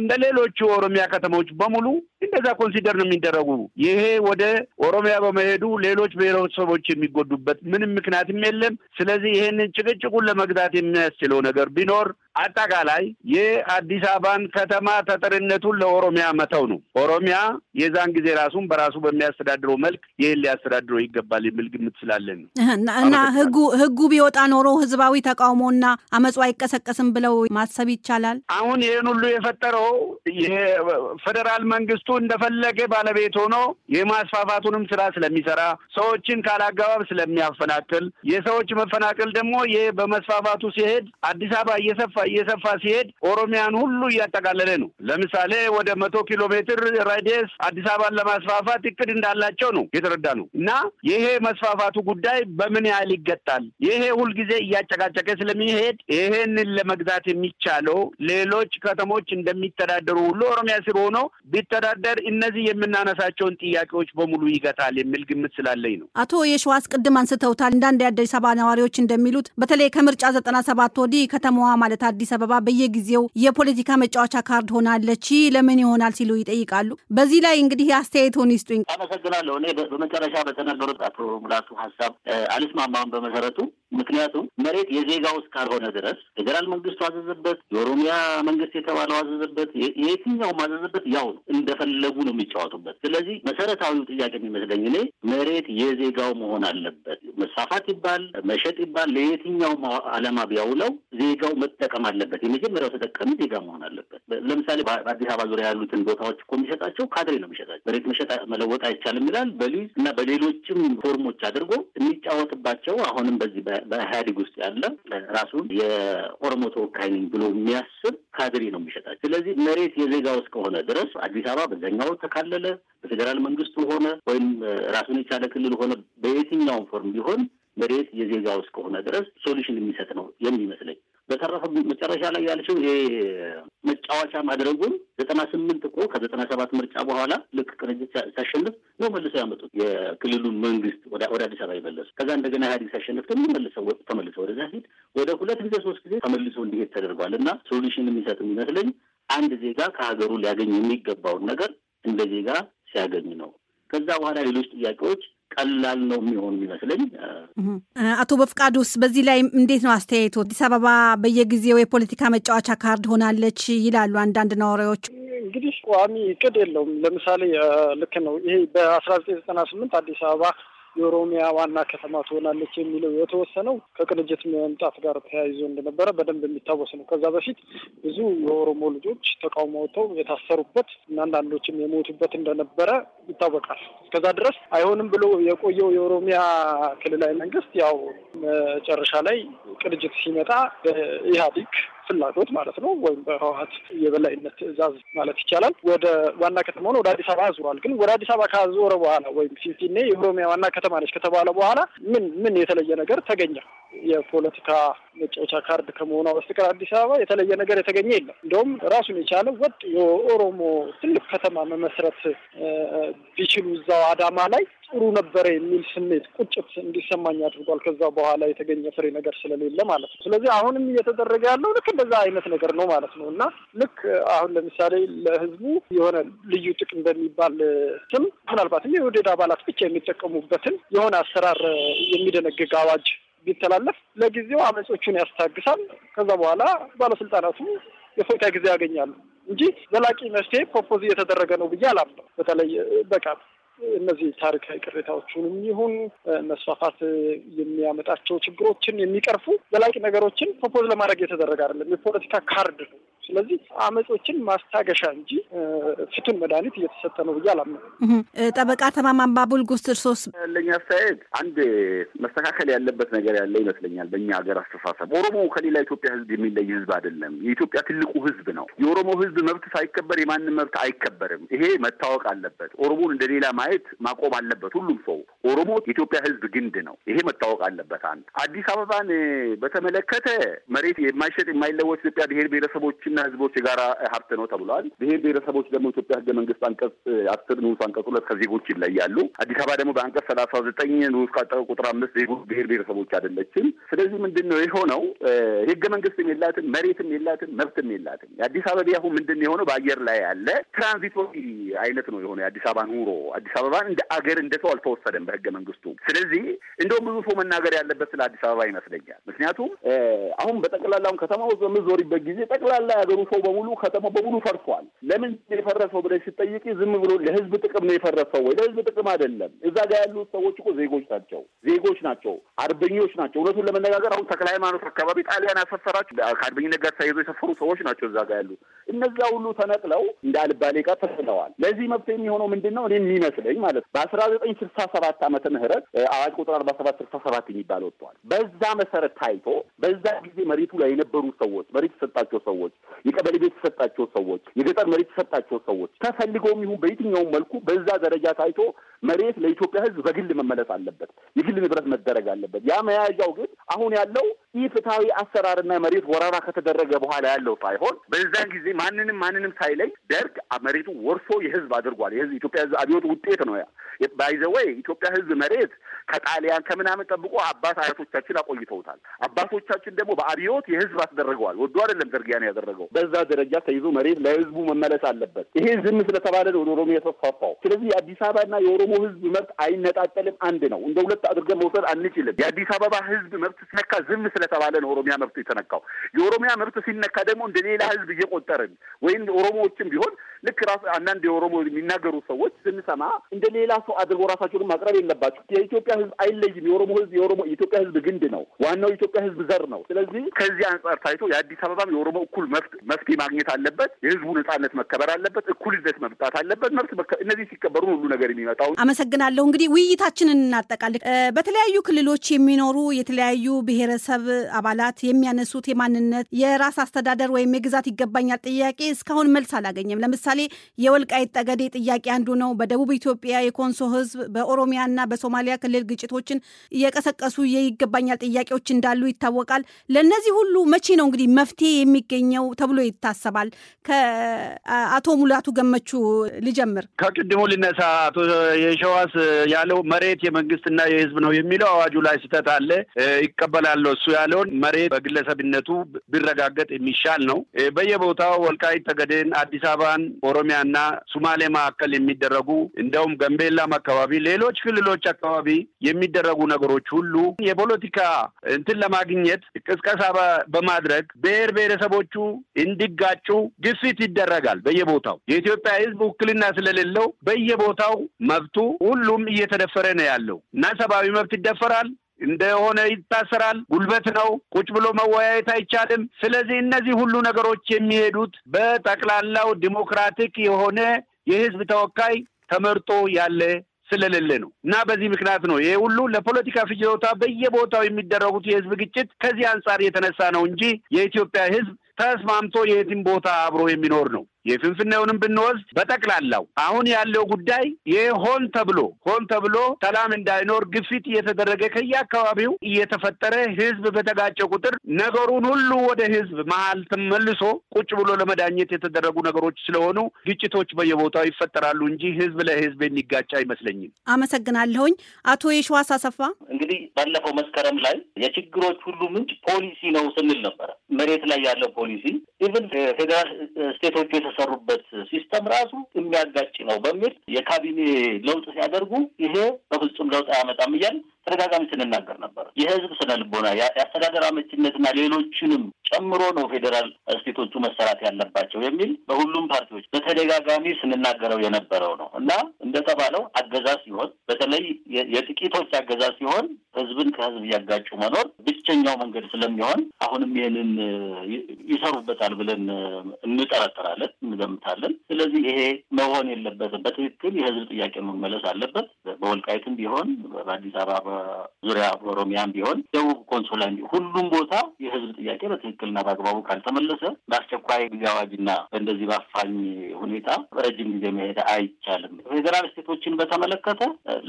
S3: እንደ ሌሎቹ ኦሮሚያ ከተሞች በሙሉ እንደዛ ኮንሲደር ነው የሚደረጉ ተደረጉ። ይሄ ወደ ኦሮሚያ በመሄዱ ሌሎች ብሔረሰቦች የሚጎዱበት ምንም ምክንያትም የለም። ስለዚህ ይሄንን ጭቅጭቁን ለመግታት የሚያስችለው ነገር ቢኖር አጠቃላይ የአዲስ አበባን ከተማ ተጠሪነቱን ለኦሮሚያ መተው ነው። ኦሮሚያ የዛን ጊዜ ራሱን በራሱ በሚያስተዳድረው መልክ ይህን ሊያስተዳድረው ይገባል የሚል ግምት ስላለን
S2: እና ህጉ ህጉ ቢወጣ ኖሮ ህዝባዊ ተቃውሞና አመፁ አይቀሰቀስም ብለው ማሰብ ይቻላል። አሁን
S3: ይህን ሁሉ የፈጠረው የፌዴራል መንግስቱ እንደፈለገ ባለቤት ቤት ሆኖ የማስፋፋቱንም ስራ ስለሚሰራ ሰዎችን ካላግባብ ስለሚያፈናቅል የሰዎች መፈናቀል ደግሞ ይህ በመስፋፋቱ ሲሄድ አዲስ አበባ እየሰፋ እየሰፋ ሲሄድ ኦሮሚያን ሁሉ እያጠቃለለ ነው። ለምሳሌ ወደ መቶ ኪሎ ሜትር ራዲየስ አዲስ አበባን ለማስፋፋት እቅድ እንዳላቸው ነው የተረዳ ነው። እና ይሄ መስፋፋቱ ጉዳይ በምን ያህል ይገጣል? ይሄ ሁልጊዜ እያጨቃጨቀ ስለሚሄድ ይሄንን ለመግዛት የሚቻለው ሌሎች ከተሞች እንደሚተዳደሩ ሁሉ ኦሮሚያ ስር ሆኖ ቢተዳደር እነዚህ የምናነሳ የራሳቸውን ጥያቄዎች በሙሉ ይገታል የሚል ግምት ስላለኝ ነው።
S2: አቶ የሸዋስ ቅድም አንስተውታል። እንዳንድ የአዲስ አበባ ነዋሪዎች እንደሚሉት በተለይ ከምርጫ ዘጠና ሰባት ወዲህ ከተማዋ ማለት አዲስ አበባ በየጊዜው የፖለቲካ መጫወቻ ካርድ ሆናለች። ለምን ይሆናል ሲሉ ይጠይቃሉ። በዚህ ላይ እንግዲህ ሆን ይስጡኝ።
S4: አመሰግናለሁ። እኔ በመጨረሻ በተነገሩት አቶ ሙላቱ ሀሳብ አልስማማም በመሰረቱ ምክንያቱም መሬት የዜጋው እስካልሆነ ድረስ ፌዴራል መንግስቱ አዘዘበት፣ የኦሮሚያ መንግስት የተባለው አዘዘበት፣ የትኛውም አዘዘበት ያው ነው። እንደፈለጉ ነው የሚጫወቱበት። ስለዚህ መሰረታዊ ጥያቄ የሚመስለኝ እኔ መሬት የዜጋው መሆን አለበት። መስፋፋት ይባል መሸጥ ይባል ለየትኛውም አለማ ቢያውለው ዜጋው መጠቀም አለበት። የመጀመሪያው ተጠቃሚ ዜጋ መሆን አለበት። ለምሳሌ በአዲስ አበባ ዙሪያ ያሉትን ቦታዎች እኮ የሚሸጣቸው ካድሬ ነው የሚሸጣቸው። መሬት መሸጥ መለወጥ አይቻልም ይላል በሊዝ እና በሌሎችም ፎርሞች አድርጎ የሚጫወትባቸው አሁንም በዚህ በኢህአዴግ ውስጥ ያለ ራሱን የኦሮሞ ተወካይ ነኝ ብሎ የሚያስብ ካድሬ ነው የሚሸጣቸው። ስለዚህ መሬት የዜጋው እስከሆነ ድረስ አዲስ አበባ በዛኛው ተካለለ፣ በፌዴራል መንግስቱ ሆነ ወይም ራሱን የቻለ ክልል ሆነ በየትኛውም ፎርም ቢሆን መሬት የዜጋው እስከሆነ ድረስ ሶሉሽን የሚሰጥ ነው የሚመስለኝ። በተረፈ መጨረሻ ላይ ያልሽው ይሄ መጫወቻ ማድረጉን ዘጠና ስምንት እኮ ከዘጠና ሰባት ምርጫ በኋላ ልክ ቅንጅት ሲያሸንፍ ነው መልሰው ያመጡት የክልሉን መንግስት ወደ አዲስ አበባ ይመለሱ። ከዛ እንደገና ኢህአዴግ ሲያሸንፍ ደግሞ መልሰው ተመልሰው ወደዛ ሲሄድ ወደ ሁለት ጊዜ ሶስት ጊዜ ተመልሶ እንዲሄድ ተደርጓል። እና ሶሉሽን የሚሰጥ የሚመስለኝ አንድ ዜጋ ከሀገሩ ሊያገኝ የሚገባውን ነገር እንደ ዜጋ ሲያገኝ ነው። ከዛ በኋላ ሌሎች ጥያቄዎች ቀላል ነው የሚሆን ይመስለኝ።
S2: አቶ በፍቃዱስ በዚህ ላይ እንዴት ነው አስተያየቶ? አዲስ አበባ በየጊዜው የፖለቲካ መጫወቻ ካርድ ሆናለች ይላሉ አንዳንድ ነዋሪዎች።
S5: እንግዲህ ቋሚ እቅድ የለውም። ለምሳሌ ልክ ነው ይሄ በአስራ ዘጠኝ ዘጠና ስምንት አዲስ አበባ የኦሮሚያ ዋና ከተማ ትሆናለች የሚለው የተወሰነው ከቅንጅት መምጣት ጋር ተያይዞ እንደነበረ በደንብ የሚታወስ ነው። ከዛ በፊት ብዙ የኦሮሞ ልጆች ተቃውሞ ወጥተው የታሰሩበት እና አንዳንዶችም የሞቱበት እንደነበረ ይታወቃል። እስከዛ ድረስ አይሆንም ብሎ የቆየው የኦሮሚያ ክልላዊ መንግስት ያው መጨረሻ ላይ ቅንጅት ሲመጣ በኢህአዴግ ፍላጎት ማለት ነው ወይም በህወሀት የበላይነት ትእዛዝ ማለት ይቻላል ወደ ዋና ከተማ ወደ አዲስ አበባ አዙሯል። ግን ወደ አዲስ አበባ ካዞረ በኋላ ወይም ፊንፊኔ የኦሮሚያ ዋና ከተማ ነች ከተባለ በኋላ ምን ምን የተለየ ነገር ተገኘ? የፖለቲካ መጫወቻ ካርድ ከመሆኗ በስተቀር አዲስ አበባ የተለየ ነገር የተገኘ የለም። እንደውም ራሱን የቻለ ወጥ የኦሮሞ ትልቅ ከተማ መመስረት ቢችሉ እዛው አዳማ ላይ ጥሩ ነበረ የሚል ስሜት ቁጭት እንዲሰማኝ አድርጓል። ከዛ በኋላ የተገኘ ፍሬ ነገር ስለሌለ ማለት ነው። ስለዚህ አሁንም እየተደረገ ያለው ልክ እንደዛ አይነት ነገር ነው ማለት ነው እና ልክ አሁን ለምሳሌ ለህዝቡ የሆነ ልዩ ጥቅም በሚባል ስም ምናልባትም የውህደድ አባላት ብቻ የሚጠቀሙበትን የሆነ አሰራር የሚደነግግ አዋጅ ቢተላለፍ ለጊዜው አመጾቹን ያስታግሳል። ከዛ በኋላ ባለስልጣናቱ የፎይታ ጊዜ ያገኛሉ እንጂ ዘላቂ መፍትሄ ፕሮፖዝ እየተደረገ ነው ብዬ አላምነው። በተለይ በቃ እነዚህ ታሪካዊ ቅሬታዎቹንም ይሁን መስፋፋት የሚያመጣቸው ችግሮችን የሚቀርፉ ዘላቂ ነገሮችን ፕሮፖዝ ለማድረግ እየተደረገ አይደለም። የፖለቲካ ካርድ ነው ስለዚህ አመጾችን ማስታገሻ እንጂ ፍቱን መድኃኒት እየተሰጠ ነው ብዬ አላምንም። ጠበቃ ተማማን ባቡል ጉስት፣ እርሶስ? አስተያየት አንድ መስተካከል ያለበት ነገር ያለ ይመስለኛል። በእኛ
S1: ሀገር አስተሳሰብ ኦሮሞ ከሌላ ኢትዮጵያ ህዝብ የሚለይ ህዝብ አይደለም። የኢትዮጵያ ትልቁ ህዝብ ነው። የኦሮሞ ህዝብ መብት ሳይከበር የማንም መብት አይከበርም። ይሄ መታወቅ አለበት። ኦሮሞን እንደ ሌላ ማየት ማቆም አለበት ሁሉም ሰው። ኦሮሞ የኢትዮጵያ ህዝብ ግንድ ነው። ይሄ መታወቅ አለበት። አንድ አዲስ አበባን በተመለከተ መሬት የማይሸጥ የማይለወጥ ኢትዮጵያ ብሄር ብሄረሰቦች። ህዝብና ህዝቦች የጋራ ሀብት ነው ተብሏል። ብሔር ብሔረሰቦች ደግሞ ኢትዮጵያ ህገ መንግስት አንቀጽ አስር ንዑስ አንቀጽ ሁለት ከዜጎች ይለያሉ። አዲስ አበባ ደግሞ በአንቀጽ ሰላሳ ዘጠኝ ንዑስ ካጠቀ ቁጥር አምስት ዜጎች ብሔር ብሔረሰቦች አይደለችም። ስለዚህ ምንድን ነው የሆነው? ህገ መንግስትም የላትም፣ መሬትም የላትም፣ መብትም የላትም። የአዲስ አበባ አሁን ምንድን ነው የሆነው? በአየር ላይ ያለ ትራንዚቶሪ አይነት ነው የሆነ የአዲስ አበባ ኑሮ። አዲስ አበባን እንደ አገር እንደ ሰው አልተወሰደም በህገ መንግስቱ። ስለዚህ እንደውም ብዙ ሰው መናገር ያለበት ስለ አዲስ አበባ ይመስለኛል። ምክንያቱም አሁን በጠቅላላውን ከተማ ውስጥ በምዞሪበት ጊዜ ጠቅላላ የሀገሩ ሰው በሙሉ ከተማ በሙሉ ፈርሷል። ለምን የፈረሰው ብለሽ ስጠይቂ ዝም ብሎ ለህዝብ ጥቅም ነው የፈረሰው ወይ? ለህዝብ ጥቅም አይደለም። እዛ ጋር ያሉት ሰዎች እኮ ዜጎች ናቸው፣ ዜጎች ናቸው፣ አርበኞች ናቸው። እውነቱን ለመነጋገር አሁን ተክለ ሃይማኖት አካባቢ ጣሊያን ያሰፈራቸው ከአርበኝነት ጋር ተያይዞ የሰፈሩ ሰዎች ናቸው እዛ ጋር ያሉት። እነዛ ሁሉ ተነቅለው እንደ አልባሌ ጋር ተስለዋል። ለዚህ መፍትሄ የሚሆነው ምንድን ነው? እኔ የሚመስለኝ ማለት በአስራ ዘጠኝ ስልሳ ሰባት አመተ ምህረት አዋጅ ቁጥር አርባ ሰባት ስልሳ ሰባት የሚባል ወጥቷል። በዛ መሰረት ታይቶ በዛ ጊዜ መሬቱ ላይ የነበሩ ሰዎች መሬት የተሰጣቸው ሰዎች የቀበሌ ቤት የተሰጣቸው ሰዎች፣ የገጠር መሬት የተሰጣቸው ሰዎች ተፈልገውም ይሁን በየትኛውም መልኩ በዛ ደረጃ ታይቶ መሬት ለኢትዮጵያ ሕዝብ በግል መመለስ አለበት፣ የግል ንብረት መደረግ አለበት። ያ መያዣው ግን አሁን ያለው ይህ ፍትሐዊ አሰራርና መሬት ወረራ ከተደረገ በኋላ ያለው ሳይሆን በዛን ጊዜ ማንንም ማንንም ሳይለይ ደርግ መሬቱ ወርሶ የሕዝብ አድርጓል። የሕዝብ ኢትዮጵያ ሕዝብ አብዮት ውጤት ነው ያ ባይዘወይ ኢትዮጵያ ሕዝብ መሬት ከጣሊያን ከምናምን ጠብቆ አባት አያቶቻችን አቆይተውታል። አባቶቻችን ደግሞ በአብዮት የህዝብ አስደርገዋል። ወዶ አይደለም ዘርጊያን ያደረገው። በዛ ደረጃ ተይዞ መሬት ለህዝቡ መመለስ አለበት። ይሄ ዝም ስለተባለ ነው ወደ ኦሮሞ የተፋፋው ስለዚህ የአዲስ አበባና የኦሮሞ ህዝብ መብት አይነጣጠልም፣ አንድ ነው። እንደ ሁለት አድርገን መውሰድ አንችልም። የአዲስ አበባ ህዝብ መብት ሲነካ ዝም ስለተባለ ነው ኦሮሚያ መብት የተነካው። የኦሮሚያ መብት ሲነካ ደግሞ እንደ ሌላ ህዝብ እየቆጠርን ወይም ኦሮሞዎችም ቢሆን ልክ ራሱ አንዳንድ የኦሮሞ የሚናገሩ ሰዎች ስንሰማ እንደ ሌላ ሰው አድርጎ ራሳቸውን ማቅረብ የለባቸው። የኢትዮጵያ ህዝብ አይለይም። የኦሮሞ ህዝብ የኦሮሞ የኢትዮጵያ ህዝብ ግንድ ነው። ዋናው የኢትዮጵያ ህዝብ ዘር ነው። ስለዚህ ከዚህ አንጻር ታይቶ የአዲስ አበባም የኦሮሞ እኩል መፍትሄ ማግኘት አለበት። የህዝቡ ነጻነት መከበር አለበት። እኩልነት መምጣት አለበት። መብት እነዚህ ሲከበሩ ሁሉ ነገር የሚመጣው።
S2: አመሰግናለሁ። እንግዲህ ውይይታችንን እናጠቃል በተለያዩ ክልሎች የሚኖሩ የተለያዩ ብሔረሰብ አባላት የሚያነሱት የማንነት የራስ አስተዳደር ወይም የግዛት ይገባኛል ጥያቄ እስካሁን መልስ አላገኘም። ለምሳሌ ለምሳሌ የወልቃይት ጠገዴ ጥያቄ አንዱ ነው። በደቡብ ኢትዮጵያ የኮንሶ ህዝብ፣ በኦሮሚያና በሶማሊያ ክልል ግጭቶችን እየቀሰቀሱ የይገባኛል ጥያቄዎች እንዳሉ ይታወቃል። ለእነዚህ ሁሉ መቼ ነው እንግዲህ መፍትሄ የሚገኘው ተብሎ ይታሰባል? ከአቶ ሙላቱ ገመቹ ልጀምር።
S3: ከቅድሙ ልነሳ። አቶ የሸዋስ ያለው መሬት የመንግስትና የህዝብ ነው የሚለው አዋጁ ላይ ስህተት አለ። ይቀበላለሁ እሱ ያለውን መሬት በግለሰብነቱ ቢረጋገጥ የሚሻል ነው። በየቦታው ወልቃይት ጠገዴን፣ አዲስ አበባን፣ ኦሮሚያና ሱማሌ መካከል የሚደረጉ እንደውም ገንቤላም አካባቢ፣ ሌሎች ክልሎች አካባቢ የሚደረጉ ነገሮች ሁሉ የፖለቲካ እንትን ለማግኘት ቅስቀሳ በማድረግ ብሔር ብሔረሰቦቹ እንዲጋጩ ግፊት ይደረጋል። በየቦታው የኢትዮጵያ ሕዝብ ውክልና ስለሌለው በየቦታው መብቱ ሁሉም እየተደፈረ ነው ያለው እና ሰብአዊ መብት ይደፈራል፣ እንደሆነ ይታሰራል። ጉልበት ነው። ቁጭ ብሎ መወያየት አይቻልም። ስለዚህ እነዚህ ሁሉ ነገሮች የሚሄዱት በጠቅላላው ዲሞክራቲክ የሆነ የህዝብ ተወካይ ተመርጦ ያለ ስለሌለ ነው እና በዚህ ምክንያት ነው ይሄ ሁሉ ለፖለቲካ ፍጆታ በየቦታው የሚደረጉት የህዝብ ግጭት ከዚህ አንጻር የተነሳ ነው እንጂ የኢትዮጵያ ህዝብ ተስማምቶ የትም ቦታ አብሮ የሚኖር ነው። የፍንፍኔውንም ብንወስድ በጠቅላላው አሁን ያለው ጉዳይ ይህ ሆን ተብሎ ሆን ተብሎ ሰላም እንዳይኖር ግፊት እየተደረገ ከየአካባቢው እየተፈጠረ ህዝብ በተጋጨ ቁጥር ነገሩን ሁሉ ወደ ህዝብ መሀል ተመልሶ ቁጭ ብሎ ለመዳኘት የተደረጉ ነገሮች ስለሆኑ ግጭቶች በየቦታው ይፈጠራሉ እንጂ ህዝብ ለህዝብ የሚጋጭ አይመስለኝም።
S2: አመሰግናለሁኝ። አቶ የሸዋስ አሰፋ
S4: እንግዲህ ባለፈው መስከረም ላይ የችግሮች ሁሉ ምንጭ ፖሊሲ ነው ስንል ነበረ። መሬት ላይ ያለው ፖሊሲ ኢቨን ፌዴራል ስቴቶቹ የተሰሩበት ሲስተም ራሱ የሚያጋጭ ነው በሚል የካቢኔ ለውጥ ሲያደርጉ ይሄ በፍጹም ለውጥ አያመጣም እያል ተደጋጋሚ ስንናገር ነበር። የህዝብ ስነ ልቦና፣ የአስተዳደር አመችነትና ሌሎችንም ጨምሮ ነው ፌዴራል ስቴቶቹ መሰራት ያለባቸው የሚል በሁሉም ፓርቲዎች በተደጋጋሚ ስንናገረው የነበረው ነው እና እንደተባለው አገዛዝ ሲሆን በተለይ የጥቂቶች አገዛዝ ሲሆን ህዝብን ከህዝብ እያጋጩ መኖር ብቸኛው መንገድ ስለሚሆን አሁንም ይህንን ይሰሩበታል ብለን እንጠረጠራለን፣ እንገምታለን። ስለዚህ ይሄ መሆን የለበትም። በትክክል የህዝብ ጥያቄ መመለስ አለበት። በወልቃይትም ቢሆን በአዲስ አበባ ዙሪያ፣ በኦሮሚያም ቢሆን ደቡብ ኮንሶላ ሁሉም ቦታ የህዝብ ጥያቄ በትክክል በትክክልና በአግባቡ ካልተመለሰ በአስቸኳይ ጊዜ አዋጅና እንደዚህ በአፋኝ ሁኔታ በረጅም ጊዜ መሄድ አይቻልም። ፌዴራል ስቴቶችን በተመለከተ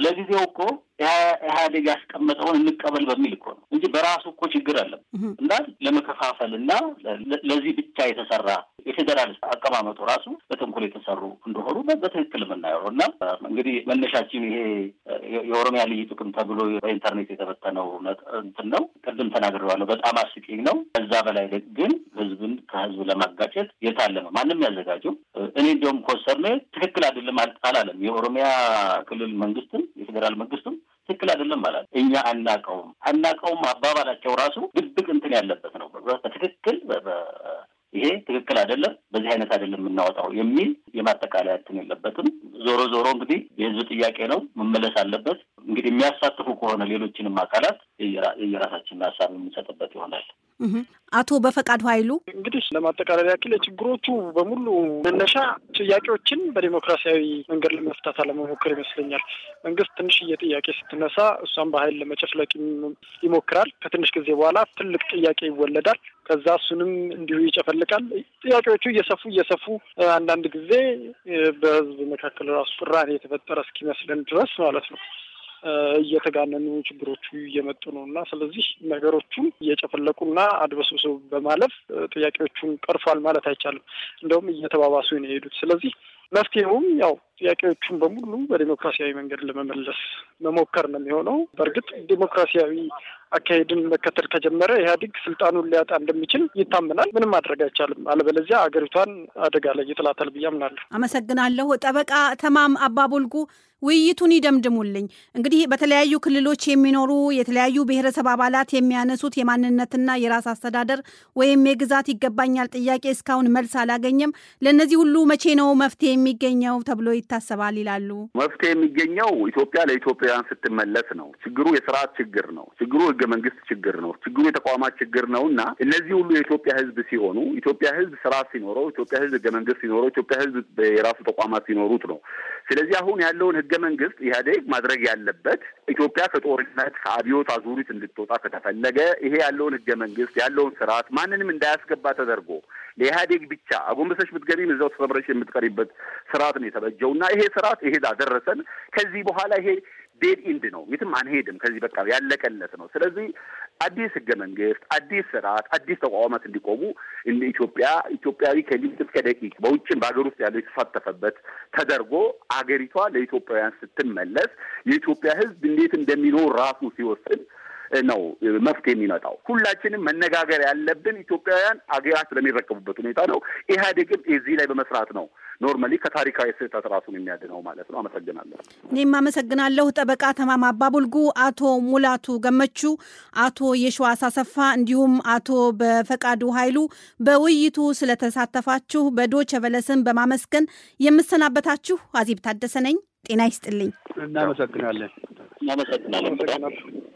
S4: ለጊዜው እኮ ኢህአዴግ ያስቀመጠውን እንቀበል በሚል እኮ ነው እንጂ በራሱ እኮ ችግር አለም እና ለመከፋፈል እና ለዚህ ብቻ የተሰራ የፌዴራል አቀማመጡ ራሱ በተንኮል የተሰሩ እንደሆኑ በትክክል የምናየው እና እንግዲህ መነሻችን ይሄ የኦሮሚያ ልዩ ጥቅም ተብሎ በኢንተርኔት የተበተነው እንትን ነው። ቅድም ተናግሬዋለሁ። በጣም አስቂኝ ነው። ከዛ በላይ የተካሄደ ግን ህዝብን ከህዝብ ለማጋጨት የታለመ ማንም ያዘጋጀው እኔ እንደውም ኮንሰርኔ ትክክል አይደለም አላለም። የኦሮሚያ ክልል መንግስትም የፌዴራል መንግስትም ትክክል አይደለም አላለም። እኛ አናቀውም አናቀውም አባባላቸው ራሱ ድብቅ እንትን ያለበት ነው። በትክክል ይሄ ትክክል አይደለም፣ በዚህ አይነት አይደለም የምናወጣው የሚል የማጠቃለያ እንትን የለበትም። ዞሮ ዞሮ እንግዲህ የህዝብ ጥያቄ ነው መመለስ አለበት። እንግዲህ የሚያሳትፉ ከሆነ ሌሎችንም አካላት የየራሳችንን ሀሳብ የምንሰጥበት
S5: ይሆናል። አቶ በፈቃዱ ኃይሉ እንግዲህ ለማጠቃለል ያክል የችግሮቹ በሙሉ መነሻ ጥያቄዎችን በዲሞክራሲያዊ መንገድ ለመፍታት አለመሞከር ይመስለኛል። መንግስት ትንሽዬ ጥያቄ ስትነሳ እሷን በኃይል ለመጨፍለቅ ይሞክራል። ከትንሽ ጊዜ በኋላ ትልቅ ጥያቄ ይወለዳል። ከዛ እሱንም እንዲሁ ይጨፈልቃል። ጥያቄዎቹ እየሰፉ እየሰፉ አንዳንድ ጊዜ በህዝብ መካከል ራሱ ቅራኔ የተፈጠረ እስኪመስለን ድረስ ማለት ነው። እየተጋነኑ ችግሮቹ እየመጡ ነው እና ስለዚህ ነገሮቹን እየጨፈለቁና አድበስብሰው በማለፍ ጥያቄዎቹን ቀርፏል ማለት አይቻልም። እንደውም እየተባባሱ ነው የሄዱት። ስለዚህ መፍትሄውም ያው ጥያቄዎቹን በሙሉ በዲሞክራሲያዊ መንገድ ለመመለስ መሞከር ነው የሚሆነው። በእርግጥ ዲሞክራሲያዊ አካሄድን መከተል ከጀመረ ኢህአዴግ ስልጣኑን ሊያጣ እንደሚችል ይታመናል። ምንም ማድረግ አይቻልም። አለበለዚያ አገሪቷን አደጋ ላይ ይጥላታል ብዬ አምናለሁ።
S2: አመሰግናለሁ። ጠበቃ ተማም አባቦልጉ ውይይቱን ይደምድሙልኝ። እንግዲህ በተለያዩ ክልሎች የሚኖሩ የተለያዩ ብሔረሰብ አባላት የሚያነሱት የማንነትና የራስ አስተዳደር ወይም የግዛት ይገባኛል ጥያቄ እስካሁን መልስ አላገኘም። ለእነዚህ ሁሉ መቼ ነው መፍትሄ የሚገኘው ተብሎ ይታሰባል ይላሉ።
S1: መፍትሄ የሚገኘው ኢትዮጵያ ለኢትዮጵያውያን ስትመለስ ነው። ችግሩ የስርዓት ችግር ነው። ችግሩ ህገ መንግስት ችግር ነው። ችግሩ የተቋማት ችግር ነው እና እነዚህ ሁሉ የኢትዮጵያ ህዝብ ሲሆኑ ኢትዮጵያ ህዝብ ስርዓት ሲኖረው፣ ኢትዮጵያ ህዝብ ህገ መንግስት ሲኖረው፣ ኢትዮጵያ ህዝብ የራሱ ተቋማት ሲኖሩት ነው። ስለዚህ አሁን ያለውን ህገ መንግስት ኢህአዴግ ማድረግ ያለበት ኢትዮጵያ ከጦርነት ከአብዮት አዙሪት እንድትወጣ ከተፈለገ ይሄ ያለውን ህገ መንግስት ያለውን ስርዓት ማንንም እንዳያስገባ ተደርጎ ለኢህአዴግ ብቻ አጎንበሰሽ ብትገቢም እዛው ተሰብረሽ የምትቀሪበት ስርዓት ነው የተበጀው እና ይሄ ስርዓት ይሄዳ ደረሰን። ከዚህ በኋላ ይሄ ዴድ ኢንድ ነው፣ የትም አንሄድም። ከዚህ በቃ ያለቀለት ነው። ስለዚህ አዲስ ህገ መንግስት፣ አዲስ ስርዓት፣ አዲስ ተቋማት እንዲቆሙ እንደ ኢትዮጵያ ኢትዮጵያዊ ከሊት እስከ ደቂቅ በውጭም በሀገር ውስጥ ያለው የተሳተፈበት ተደርጎ አገሪቷ ለኢትዮጵያውያን ስትመለስ የኢትዮጵያ ህዝብ እንዴት እንደሚኖር ራሱ ሲወስን ነው መፍትሄ የሚመጣው። ሁላችንም መነጋገር ያለብን ኢትዮጵያውያን አገራት ስለሚረከቡበት ሁኔታ ነው። ኢህአዴግም እዚህ ላይ በመስራት ነው ኖርማሊ ከታሪካዊ ስህተት ራሱን የሚያድነው ማለት ነው። አመሰግናለሁ።
S2: እኔም አመሰግናለሁ። ጠበቃ ተማማ አባቡልጉ፣ አቶ ሙላቱ ገመቹ፣ አቶ የሸዋስ አሰፋ እንዲሁም አቶ በፈቃዱ ኃይሉ በውይይቱ ስለተሳተፋችሁ በዶቸ በለስን በማመስገን የምሰናበታችሁ አዜብ ታደሰ ነኝ። ጤና ይስጥልኝ።
S4: እናመሰግናለን። እናመሰግናለን።